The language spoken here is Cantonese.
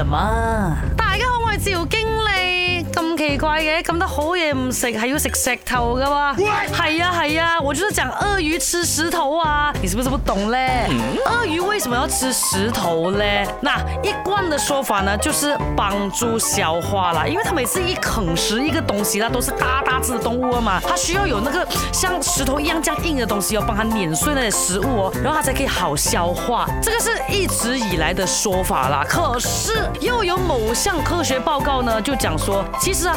什麼？大家好，我係趙經理。怪嘅，咁多好嘢唔食，係要食石頭噶嘛？係喂啊係啊，我就是講鱷魚吃石頭啊。你是不是不懂咧？嗯、鱷魚為什麼要吃石頭咧？那一貫的說法呢，就是幫助消化啦。因為它每次一啃食一個東西，那都是大大隻的動物的嘛，它需要有那個像石頭一樣這樣硬的東西，要幫它碾碎那些食物哦，然後它才可以好消化。這個是一直以來的說法啦。可是又有某項科學報告呢，就講說，其實啊。